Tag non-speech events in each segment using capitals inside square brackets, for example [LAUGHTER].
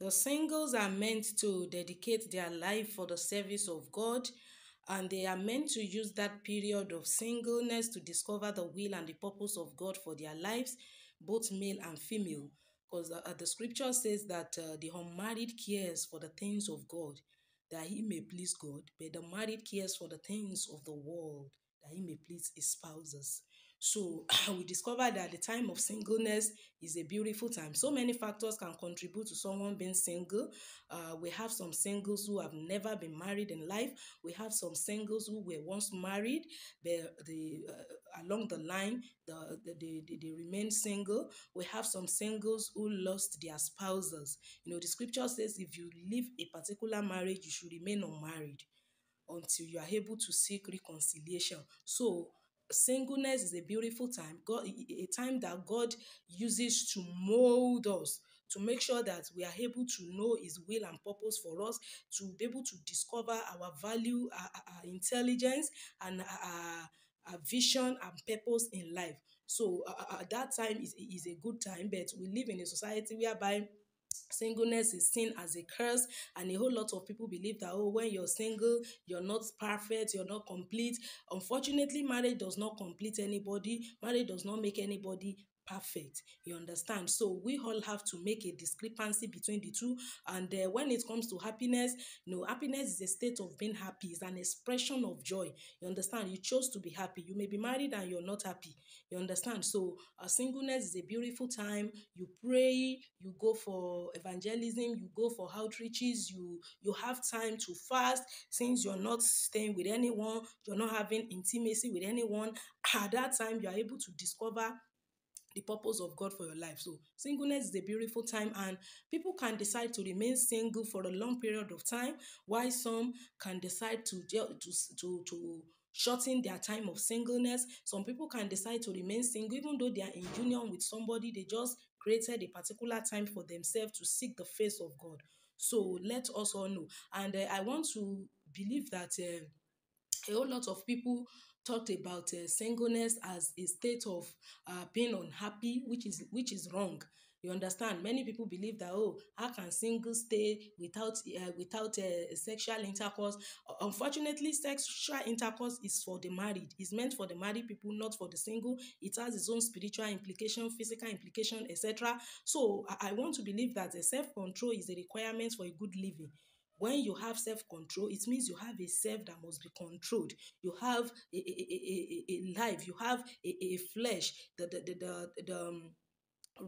The singles are meant to dedicate their life for the service of God, and they are meant to use that period of singleness to discover the will and the purpose of God for their lives, both male and female. Because the, uh, uh, the scripture says that uh, the unmarried cares for the things of God, that he may please God, but the married cares for the things of the world, that he may please his spouses. So [CLEARS THROAT] we discovered that the time of singleness is a beautiful time. So many factors can contribute to someone being single. Uh, we have some singles who have never been married in life. We have some singles who were once married, but the uh, along the line the, the, the, the, they remain single. We have some singles who lost their spouses. You know the scripture says if you leave a particular marriage, you should remain unmarried until you are able to seek reconciliation. So singleness is a beautiful time, God, a time that God uses to mold us to make sure that we are able to know his will and purpose for us to be able to discover our value our, our intelligence and our, our vision and purpose in life so uh, uh, uh, that time is, is a good time but we live in a society whereby singleness is seen as a curse and a whole lot of people believe that oh when you're single you're not perfect you're not complete unfortunately marriage does not complete anybody marriage does not make anybody perfect. You understand? So we all have to make a discrepancy between the two. And uh, when it comes to happiness, you no, know, happiness is a state of being happy. It's an expression of joy. You understand? You chose to be happy. You may be married and you're not happy. You understand? So uh, singleness is a beautiful time. You pray. You go for evangelism. You go for outreaches. You you have time to fast since you're not staying with anyone. You're not having intimacy with anyone. At that time, you are able to discover the purpose of God for your life. So, singleness is a beautiful time, and people can decide to remain single for a long period of time, while some can decide to to to to shorten their time of singleness. Some people can decide to remain single even though they are in union with somebody. They just created a particular time for themselves to seek the face of God. So let us all know. And uh, I want to believe that uh, a whole lot of people talked about uh, singleness as a state of uh, being unhappy, which is which is wrong. You understand? Many people believe that oh, how can single stay without uh, without uh, sexual intercourse? Unfortunately, sexual intercourse is for the married. It's meant for the married people, not for the single. It has its own spiritual implication, physical implication, etc. So I, I want to believe that the self control is a requirement for a good living when you have self-control it means you have a self that must be controlled you have a, a, a, a, a life you have a, a flesh the the the, the, the um,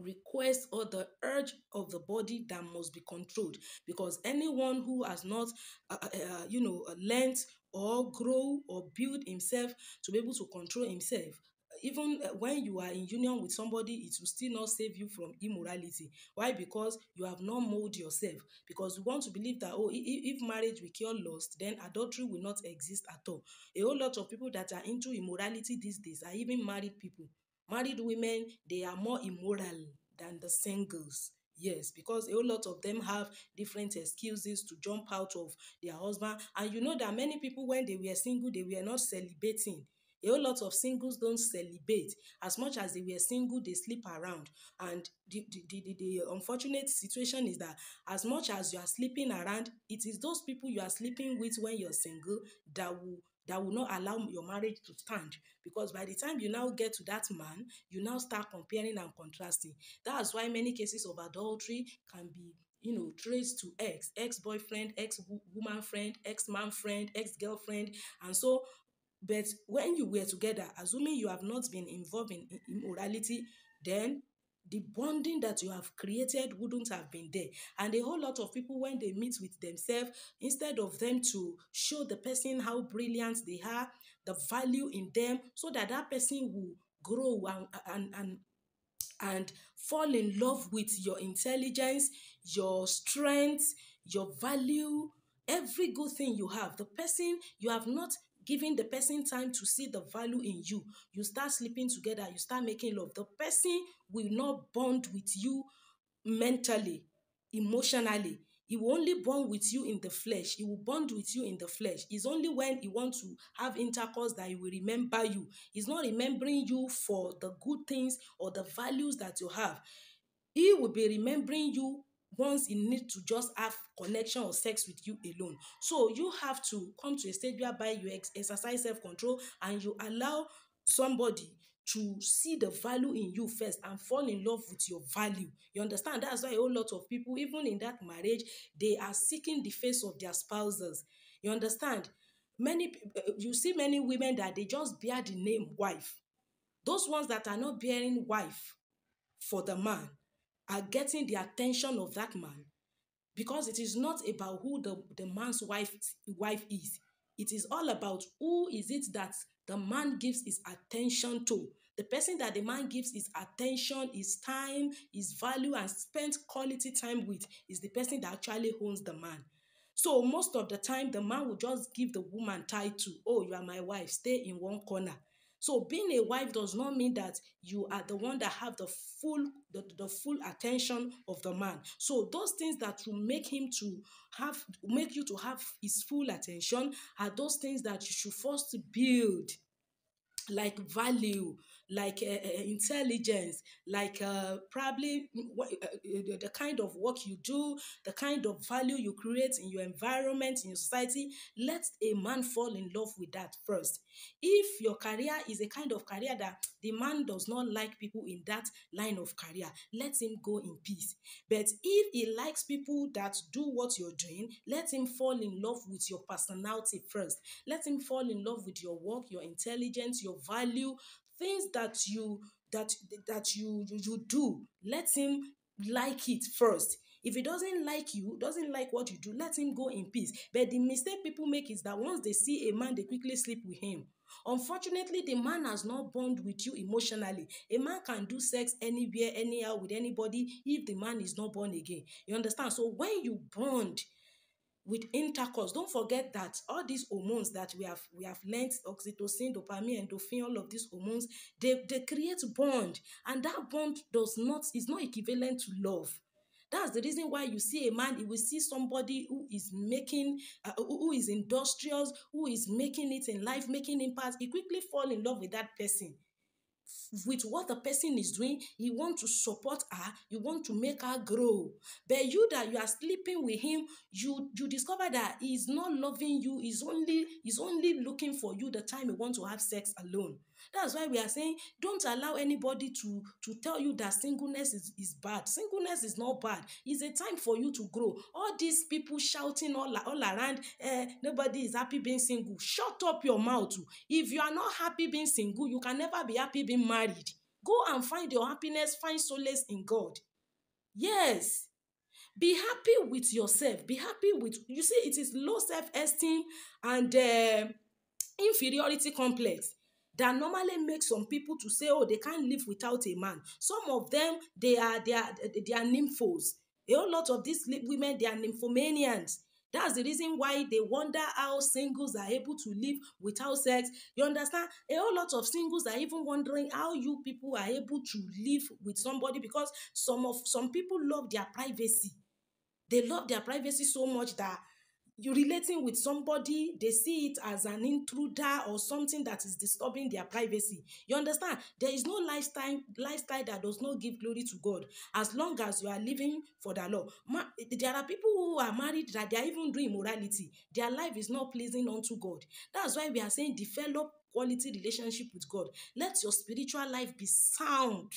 request or the urge of the body that must be controlled because anyone who has not uh, uh, uh you know learned or grow or build himself to be able to control himself even eh, when you are in union with somebody it will still not save you from immorality why because you have not mold yourself because we want to believe that oh if, if marriage will cure lust then adultery will not exist at all a whole lot of people that are into immorality these days are even married people married women they are more immoral than the singles yes because a whole lot of them have different excuses to jump out of their husband and you know that many people when they were single they were not celebrating a whole lot of singles don't celebrate as much as they were single they sleep around and the the the, the, unfortunate situation is that as much as you are sleeping around it is those people you are sleeping with when you're single that will that will not allow your marriage to stand because by the time you now get to that man you now start comparing and contrasting that's why many cases of adultery can be you know traced to ex ex boyfriend ex woman friend ex man friend ex girlfriend and so But when you were together, assuming you have not been involved in immorality, then the bonding that you have created wouldn't have been there. And a whole lot of people, when they meet with themselves, instead of them to show the person how brilliant they are, the value in them, so that that person will grow and, and, and and fall in love with your intelligence, your strength, your value, every good thing you have. The person you have not giving the person time to see the value in you. You start sleeping together, you start making love. The person will not bond with you mentally, emotionally. He will only bond with you in the flesh. He will bond with you in the flesh. It's only when he wants to have intercourse that he will remember you. He's not remembering you for the good things or the values that you have. He will be remembering you once in need to just have connection or sex with you alone so you have to come to a stage whereby you ex exercise self-control and you allow somebody to see the value in you first and fall in love with your value you understand that's why a whole lot of people even in that marriage they are seeking the face of their spouses you understand many eh, eh, you see many women that they just bear the name wife those ones that are not bearing wife for the man are getting the attention of that man because it is not about who the, the man's wife wife is it is all about who is it that the man gives his attention to the person that the man gives his attention his time his value and spent quality time with is the person that actually owns the man so most of the time the man will just give the woman title oh you are my wife stay in one corner So being a wife does not mean that you are the one that have the full the, the full attention of the man. So those things that will make him to have make you to have his full attention are those things that you should first build like value like uh, intelligence, like uh, probably uh, uh, the kind of work you do, the kind of value you create in your environment, in your society. Let a man fall in love with that first. If your career is a kind of career that the man does not like people in that line of career, let him go in peace. But if he likes people that do what you're doing, let him fall in love with your personality first. Let him fall in love with your work, your intelligence, your value, things that you that that you you, you do let him like it first if he doesn't like you doesn't like what you do let him go in peace but the mistake people make is that once they see a man they quickly sleep with him unfortunately the man has not bond with you emotionally a man can do sex anywhere anyhow with anybody if the man is not born again you understand so when you bond with intercourse. Don't forget that all these hormones that we have we have learned, oxytocin, dopamine, endorphin, all of these hormones, they, they create bond. And that bond does not is not equivalent to love. That's the reason why you see a man, you will see somebody who is making, uh, who is industrious, who is making it in life, making impact. He quickly fall in love with that person with what the person is doing you want to support her you want to make her grow but you that you are sleeping with him you you discover that he's not loving you Is only is only looking for you the time he want to have sex alone That's why we are saying don't allow anybody to, to tell you that singleness is, is bad. Singleness is not bad. It's a time for you to grow. All these people shouting all, all around, eh, nobody is happy being single. Shut up your mouth. If you are not happy being single, you can never be happy being married. Go and find your happiness, find solace in God. Yes. Be happy with yourself. Be happy with, you see, it is low self esteem and uh, inferiority complex that normally make some people to say oh they can't live without a man some of them they are they are they are nymphos a whole lot of these women they are nymphomanians that's the reason why they wonder how singles are able to live without sex you understand a whole lot of singles are even wondering how you people are able to live with somebody because some of some people love their privacy they love their privacy so much that you relating with somebody they see it as an intruder or something that is disturbing their privacy you understand there is no lifestyle lifestyle that does not give glory to god as long as you are living for the law Ma there are people who are married that they are even doing immorality their life is not pleasing unto god that's why we are saying develop quality relationship with god let your spiritual life be sound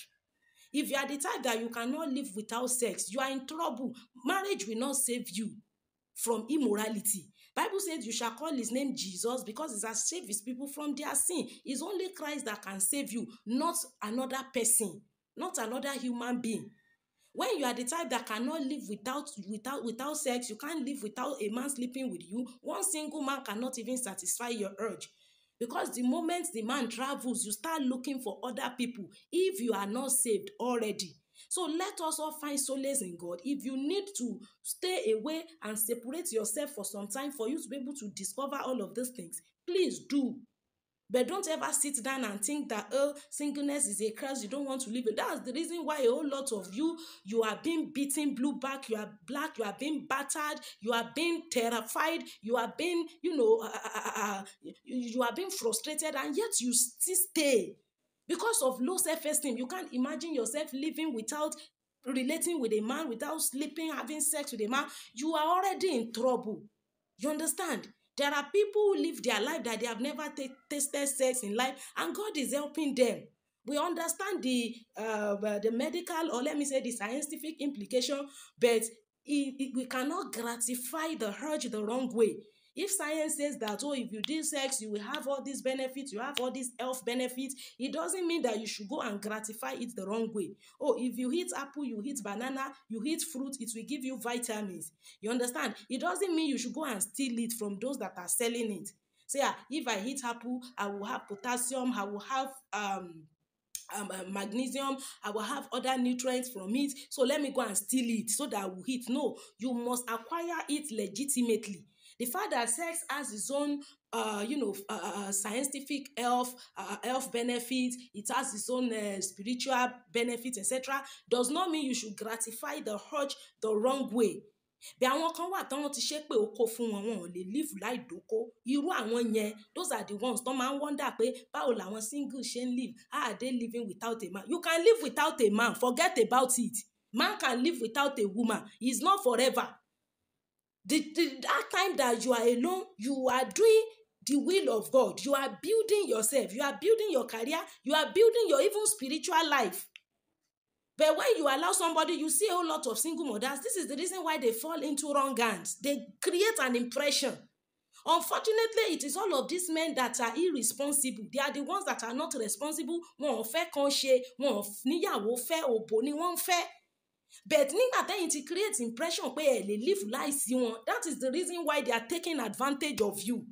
if you are the type that you cannot live without sex you are in trouble marriage will not save you from immorality. Bible says you shall call his name Jesus because he has saved his people from their sin. It's only Christ that can save you, not another person, not another human being. When you are the type that cannot live without without without sex, you can't live without a man sleeping with you. One single man cannot even satisfy your urge. Because the moment the man travels, you start looking for other people if you are not saved already. So let us all find solace in God. If you need to stay away and separate yourself for some time for you to be able to discover all of these things, please do. But don't ever sit down and think that oh, singleness is a curse. You don't want to live it. That's the reason why a whole lot of you you are being beaten blue back. You are black. You are being battered. You are being terrified. You are being you know uh, uh, uh, you, you are being frustrated, and yet you still stay Because of low self esteem, you can't imagine yourself living without relating with a man, without sleeping, having sex with a man. You are already in trouble. You understand? There are people who live their life that they have never tasted sex in life, and God is helping them. We understand the uh, uh, the medical or let me say the scientific implication, but it, it, we cannot gratify the urge the wrong way. If science says that, oh, if you do sex, you will have all these benefits, you have all these health benefits, it doesn't mean that you should go and gratify it the wrong way. Oh, if you eat apple, you eat banana, you eat fruit, it will give you vitamins. You understand? It doesn't mean you should go and steal it from those that are selling it. Say, yeah, if I eat apple, I will have potassium, I will have um, um um, magnesium i will have other nutrients from it so let me go and steal it so that i will eat no you must acquire it legitimately The fact that sex has its own, uh, you know, uh, uh, uh scientific health, uh, uh, health benefits, it has its own uh, spiritual benefits, etc., does not mean you should gratify the urge the wrong way. bí àwọn kan wà tán wọn ti ṣe pé oko fún wọn wọn ò lè live láì dóko irú àwọn yẹn those are the ones tán máa ń wonder pé báwo làwọn single ṣe ń live how are they living without a man you can live without a man forget about it man can live without a woman he is not forever the, the, that time that you are alone you are doing the will of God you are building yourself you are building your career you are building your even spiritual life but when you allow somebody you see a whole lot of single mothers this is the reason why they fall into wrong hands they create an impression unfortunately it is all of these men that are irresponsible they are the ones that are not responsible wọn ò fẹ́ kàn ṣe wọn ò níyàwó fẹ́ òbò ni wọ́n ń fẹ́ but nígbà tẹ́yìn ti create impression pé ẹ lè live láìsí wọn that is the reason why they are taking advantage of you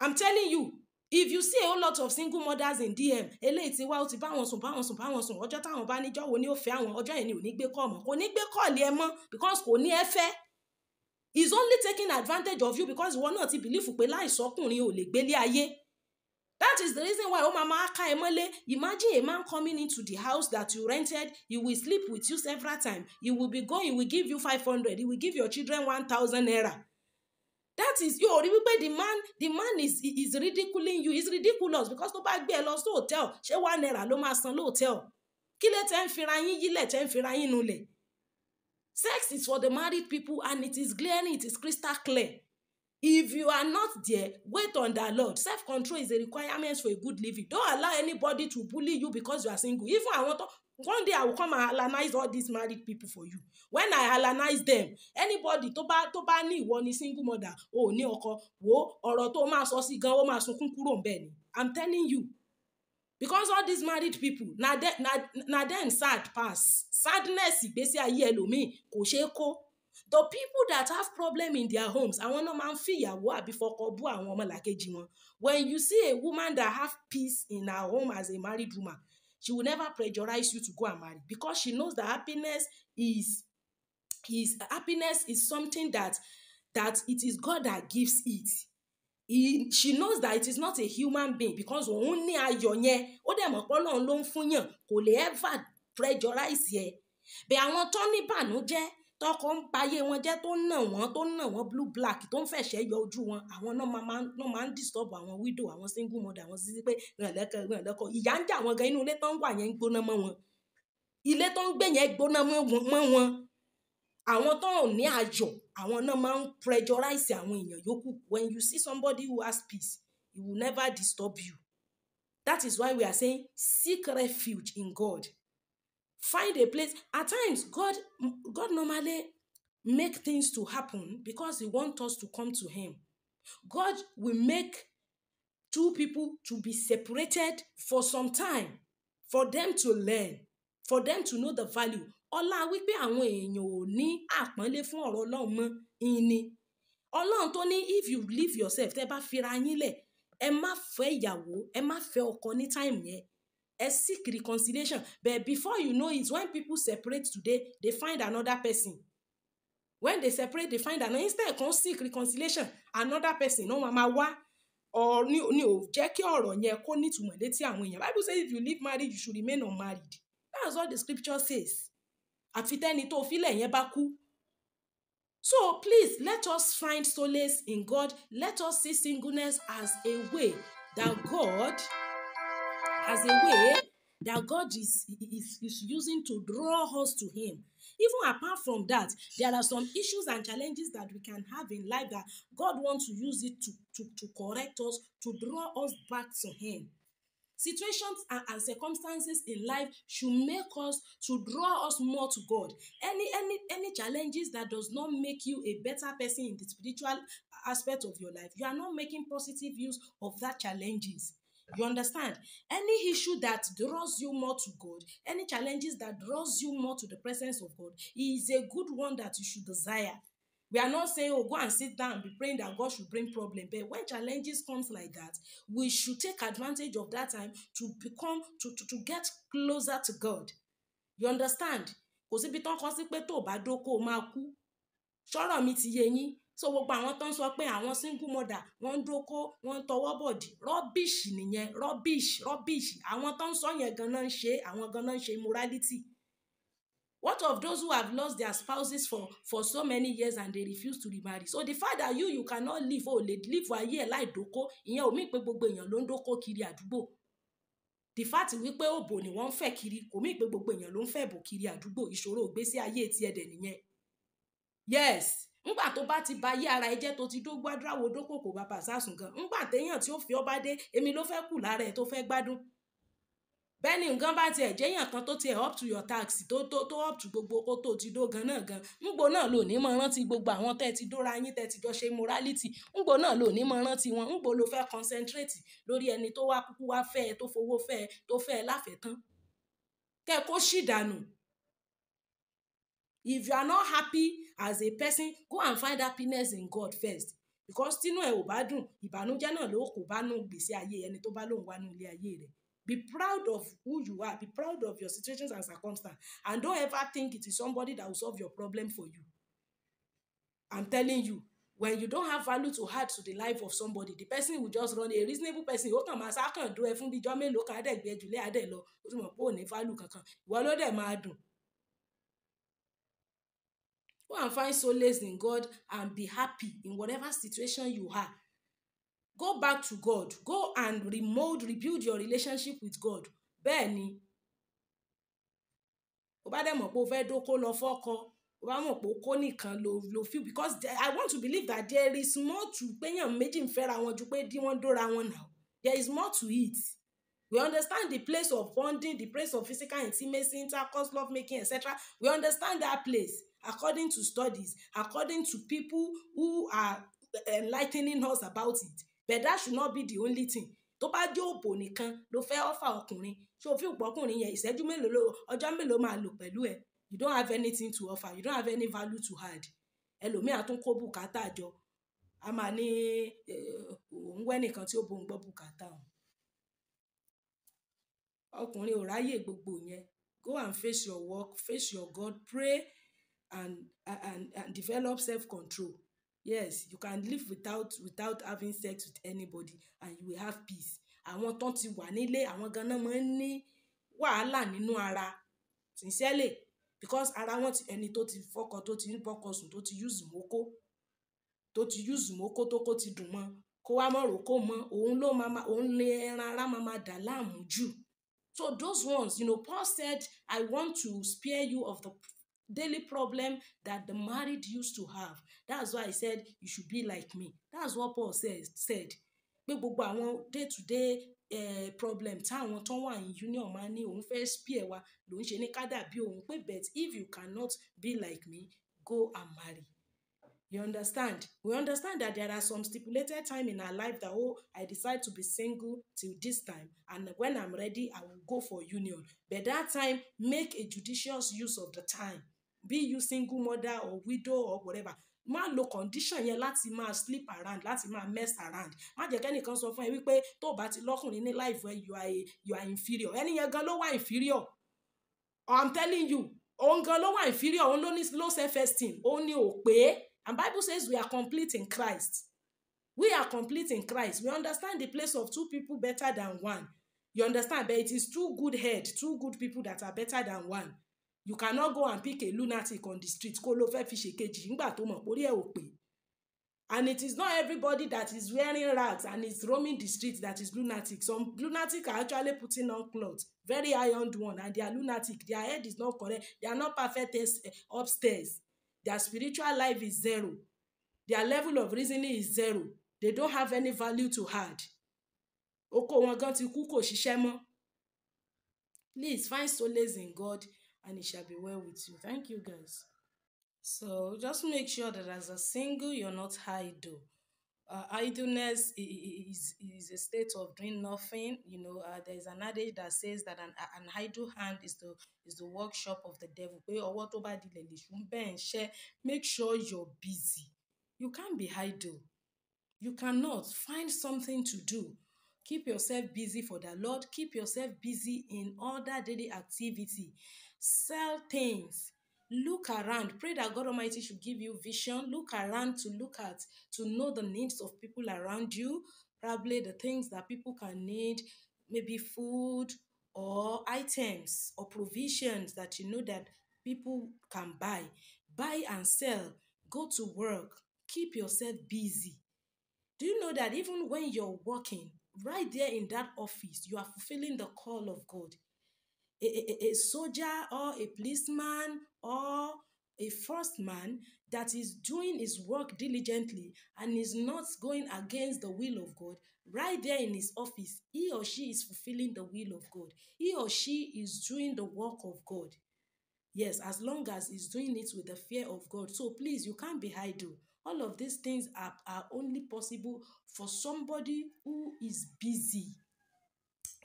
i'm telling you if you see a whole lot of single mothers in dm eléyìí ti wá ó ti bá wọn sùn bá wọn sùn bá wọn sùn ọjọ́ táwọn bá níjọ́ wo ni ó fẹ́ àwọn ọjọ́ yẹn ni ò ní gbé kọ́ ọ̀mọ́ kò ní gbé kọ́ọ̀lì ẹ mọ́ because kò ní ẹ fẹ́ is only taking advantage of you because ìwọ náà ti bìlífù pé láìsọkùnrin ò lè gbélé ayé That is the reason why Omama oh, Aka Emole, imagine a man coming into the house that you rented, he will sleep with you several times. He will be going, he will give you 500, he will give your children 1,000 naira. That is, yo, remember the man, the man is, is ridiculing you, he's ridiculous because tó bá gbé ẹ lọ sí hotel, She one naira. ló máa san lóòtẹ́ọ̀. hotel. lẹ tẹ́ ń fira yín yílẹ̀ tẹ́ ń fira Sex is for the married people and it is glaring, it is crystal clear if you are not there wait on that lord self control is a requirement for a good living don't allow anybody to bully you because you are single even I want one day i will come and analyze all these married people for you when i analyze them anybody tó bá tó bá ní ìwọ ni single mother o ò ní ọkọ wo ọ̀rọ̀ tó máa sọ sí gan ó máa sunkún kúrò ń bẹ̀ ni i'm telling you because all these married people na them na na dem sad pass sadness ìgbésí ayé ẹlòmíì kò ṣeé kó the people that have problem in their homes àwọn náà máa ń fi ìyàwó àbí fọkọ bú àwọn ọmọlàkejì wọn when you see a woman that have peace in her home as a married woman she will never pressurize you to go and marry because she knows that happiness is is happiness is something that that it is God that gives it he, she knows that it is not a human being because òun ní ayọ̀ yẹn ó dẹ̀ mọ̀ pé Ọlọ́run ló ń fún yàn kò lè ever pressurize yẹ bẹ́ẹ̀ àwọn tó ní bànújẹ́ tọkọ ń bayé wọn jẹ́ tó ń nà wọ́n tó ń nà wọ́n blue black tó ń fẹ̀ṣẹ̀ yọ ojú wọn àwọn náà máa náà máa ń disturb àwọn widow àwọn single mother àwọn sísí pé ìrànlẹ́kọ ìrànlẹ́kọ ìyá ń jà wọn gan inú ilé tó ń wà yẹn ń gbóná mọ́ wọn ilé tó ń gbé yẹn gbóná mọ́ wọn àwọn tó ń ní àjọ àwọn náà máa ń pressurize àwọn èèyàn yòókù when you see somebody who has peace he will never disturb you that is why we are saying seek refuge in God find a place at times god god normally make things to happen because he wants us to come to him god will make two people to be separated for some time for them to learn for them to know the value ọlá wípé àwọn èèyàn ò ní àpọ́nlé fún ọ̀rọ̀ ọlọ́run mọ́ ìní ọlọ́run tó ní if you leave yourself tẹ́ bá fira yín lẹ̀ ẹ má fẹ́ ìyàwó ẹ má fẹ́ ọkọ ní táìmù yẹn ẹ seek reconciliation but before you know it when people separate today they find another person when they separate they find another instead kan seek reconciliation another person no mama wa or ni ni ò jẹ́ kí ọ̀rọ̀ yẹn kó nítumọ̀ létí àwọn èèyàn bible says if you leave marriage you should remain unmarried that's what the scripture says àfi tẹ́ni tó filẹ̀ yẹn bá kú So please let us find solace in God. Let us see singleness as a way that God as a way that God is, is, is using to draw us to Him. Even apart from that, there are some issues and challenges that we can have in life that God wants to use it to, to, to correct us, to draw us back to Him. Situations and, and circumstances in life should make us to draw us more to God. Any any any challenges that does not make you a better person in the spiritual aspect of your life, you are not making positive use of that challenges. You understand? Any issue that draws you more to God, any challenges that draws you more to the presence of God, is a good one that you should desire. We are not saying, oh, go and sit down, be praying that God should bring problem. But when challenges comes like that, we should take advantage of that time to become, to, to, to get closer to God. You understand? Kò síbi tán kan o bá dóko o máa kú so gbogbo àwọn tó ń sọ pé àwọn single mother wọ́n ń dóko wọ́n ń tọwọ́ bọ̀dì rọ́bìṣì nìyẹn rubbish rọ́bìṣì àwọn tó ń sọ yẹn ganan ń ṣe àwọn ganan ń ṣe immorality what of those who have lost their spouses for for so many years and they refuse to remarry so the fact that you you cannot live o lè live ayé ẹ láì dóko ìyẹn ò mí pé gbogbo èèyàn ló ń dóko kiri àdúgbò the fact wípé òbò ni wọ́n ń fẹ́ kiri kò mí pé gbogbo èèyàn ló ń fẹ́ bò kiri àdúgbò ìṣòro ìgbésí ayé tiẹ̀ dẹ̀ nìyẹn yes ńgbà tó bá ti ba yí ara ẹ jẹ́ tó ti dó gbádùáwò dókòkò bàbá sásùn gan ńgbà téèyàn tí ó fi ọba dé èmi ló fẹ́ kù lára ẹ tó fẹ́ gbádùn bẹ́ẹ̀ ni nǹkan bá tiẹ̀ jẹ́yàn kan tó tiẹ̀ up to your tax tó tó tó up to gbogbo kó tó ti dó gan náà gan ńgbò náà lò ní mọ rántí gbogbo àwọn tẹ́ ti dóra yín tẹ́ ti jọ ṣe morality ńgbò náà lò ní mọ rántí wọn ńgbò ló fẹ́ concentrate lórí ẹni tó wá kúkú wá fẹ́ ẹ tó fowó fẹ́ ẹ tó fẹ́ ẹ láfẹ̀ẹ́ tán kẹ́ kó ṣì dànù if you are not happy as a person go and find happiness in God first because tínú ẹ ò bá dùn ìbànújẹ́ náà ló kó bá nù gbèsè ayé ẹni tó bá lòun wá nù ilé ayé rẹ̀ be proud of who you are be proud of your situations and circumstances and don't ever think it is somebody that will solve your problem for you i'm telling you when you don't have value to add to the life of somebody the person will just run a reasonable person ó kàn máa sákàn dúró ẹ fún bíi jọ́ mélòó kan á dẹ̀ gbẹ́jú lé á dẹ̀ lọ ó sì mọ̀ pé ò value kankan ìwọ ló dẹ̀ máa dùn Go and find solace in God and be happy in whatever situation you are. Go back to God. Go and remold, rebuild your relationship with God. Bẹ́ẹ̀ ni. O bá dẹ̀ mọ̀ pé o fẹ́ dóko lọ fọ́kọ. O bá mọ̀ pé o kó nìkan lo lo feel because I want to believe that there is more to péyàn méjì ń fẹ́ra wọn ju pé dí wọ́n dóra wọn náà. There is more to it. We understand the place of bonding, the place of physical intimacy, intercourse, love making, etc. We understand that place according to studies, according to people who are enlightening us about it. But that should not be the only thing. Tó bá jẹ́ òbò nìkan ló fẹ́ ọ́fà ọkùnrin, ṣé o fi òpó ọkùnrin yẹn ìṣẹ́jú mélòó ló ọjọ́ mélòó máa lò pẹ̀lú ẹ̀? You don't have anything to offer, you don't have any value to add. Ẹlòmíì á tún kó bùkátà jọ, a máa ní òun wẹ́ nìkan tí ó bóun gbọ́ bùkátà òun. Ọkùnrin ò ráyè gbogbo yẹn. Go and face your work, face your God, pray and and, and develop self-control yes you can live without without having sex with anybody and you will have peace àwọn tó ti wà nílé àwọn ganan máa ń ní wàhálà nínú ara sincerely because ara wọn ti ẹni tó ti fọkọ tó ti ń bọkọ sùn tó ti use moko tó ti use moko tó kó ti dùn mọ́ kó wá mọ ròkó mọ òun ló máa ma òun lè ẹran ara máa ma dà láàmú jù so those ones you know Paul said I want to spare you of the daily problem that the married used to have that's why i said you should be like me that's what paul says, said pé gbogbo àwọn day to day eh, problem táwọn tó wà ní union máa ní òun fẹ́ spear wa lòun ṣe ní kádà bí òun pé but if you cannot be like me go and marry you understand we understand that there are some stipulated time in our life that oh i decide to be single till this time and when i'm ready i will go for union but that time make a judicious use of the time be you single mother or widow or whatever má lo condition yẹn láti máa sleep around láti máa mess around má jẹ́ kẹ́nìkan sọ fún ẹ wípé tó o bá ti lọ́kùnrin ní life where you are a, you are inferior ẹni yẹn gan ló wà inferior i'm telling you òun gan ló wà inferior òun ló ní low self esteem òun ni ò pé and bible says we are complete in christ we are complete in christ we understand the place of two people better than one you understand but it is two good head two good people that are better than one you cannot go and pick a lunatic on the street kó ló fẹ́ fi ṣèkejì nígbà tó mọ̀ pórí ẹ̀ ò pé and it is not everybody that is wearing rags and is roaming the street that is lunatic some lunatic are actually putting on cloth very ironed one and they are lunatic their head is not correct they are not perfect eh, upstairs their spiritual life is zero their level of reasoning is zero they don't have any value to add oko wọn gan ti kú kò ṣiṣẹ́ mọ́ please find solace in God and it shall be well with you. Thank you, guys. So just make sure that as a single, you're not idle. Uh, idleness is, is a state of doing nothing. You know, uh, is an adage that says that an, an idle hand is the is the workshop of the devil. Pé ọwọ́ tó bá dilẹ̀ Make sure you're busy. You can't be idle. You cannot find something to do. Keep yourself busy for the Lord. Keep yourself busy in other daily activity. Sell things. Look around. Pray that God Almighty should give you vision. Look around to look at, to know the needs of people around you. Probably the things that people can need, maybe food or items or provisions that you know that people can buy. Buy and sell. Go to work. Keep yourself busy. Do you know that even when you're working, right there in that office, you are fulfilling the call of God. A, a, a soldier or a policeman or a first man that is doing his work diligently and is not going against the will of God, right there in his office, he or she is fulfilling the will of God. He or she is doing the work of God. Yes, as long as he's doing it with the fear of God. So please, you can't be idle. All of these things are, are only possible for somebody who is busy.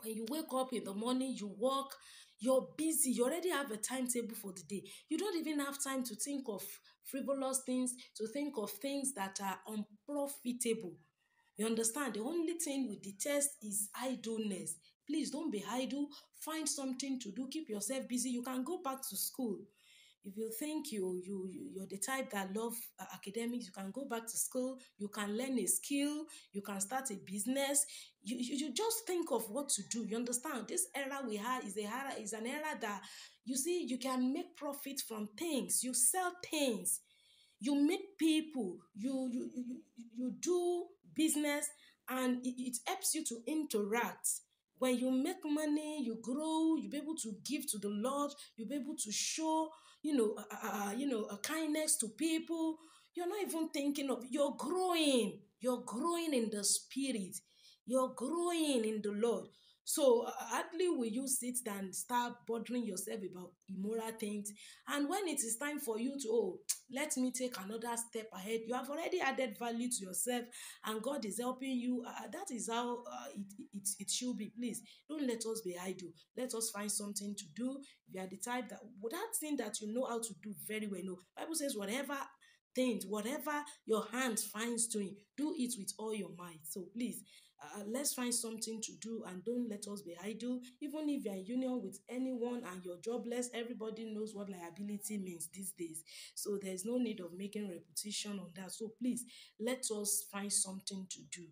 When you wake up in the morning, you work, you're busy, you already have a timetable for the day. You don't even have time to think of frivolous things, to think of things that are unprofitable. You understand? The only thing we detest is idleness. Please don't be idle. Find something to do. Keep yourself busy. You can go back to school. if you think you you you're the type that love uh, academics you can go back to school you can learn a skill you can start a business you, you, you just think of what to do you understand this era we have is a era is an era that you see you can make profit from things you sell things you meet people you you you, you do business and it, it helps you to interact when you make money you grow you be able to give to the lord you be able to show you know, uh, you know, a kindness to people. You're not even thinking of. You're growing. You're growing in the spirit. You're growing in the Lord. So hardly will you sit and start bothering yourself about immoral things. And when it is time for you to, oh, let me take another step ahead, you have already added value to yourself and God is helping you. Uh, uh that is how uh, it, it, it should be. Please don't let us be idle. Let us find something to do. If you are the type that, well, that thing that you know how to do very well, no. Bible says, whatever things, whatever your hand finds doing, do it with all your might. So please, Uh, let's find something to do and don't let us be idle. Even if you're in union with anyone and you're jobless, everybody knows what liability means these days. So there's no need of making repetition on that. So please, let us find something to do.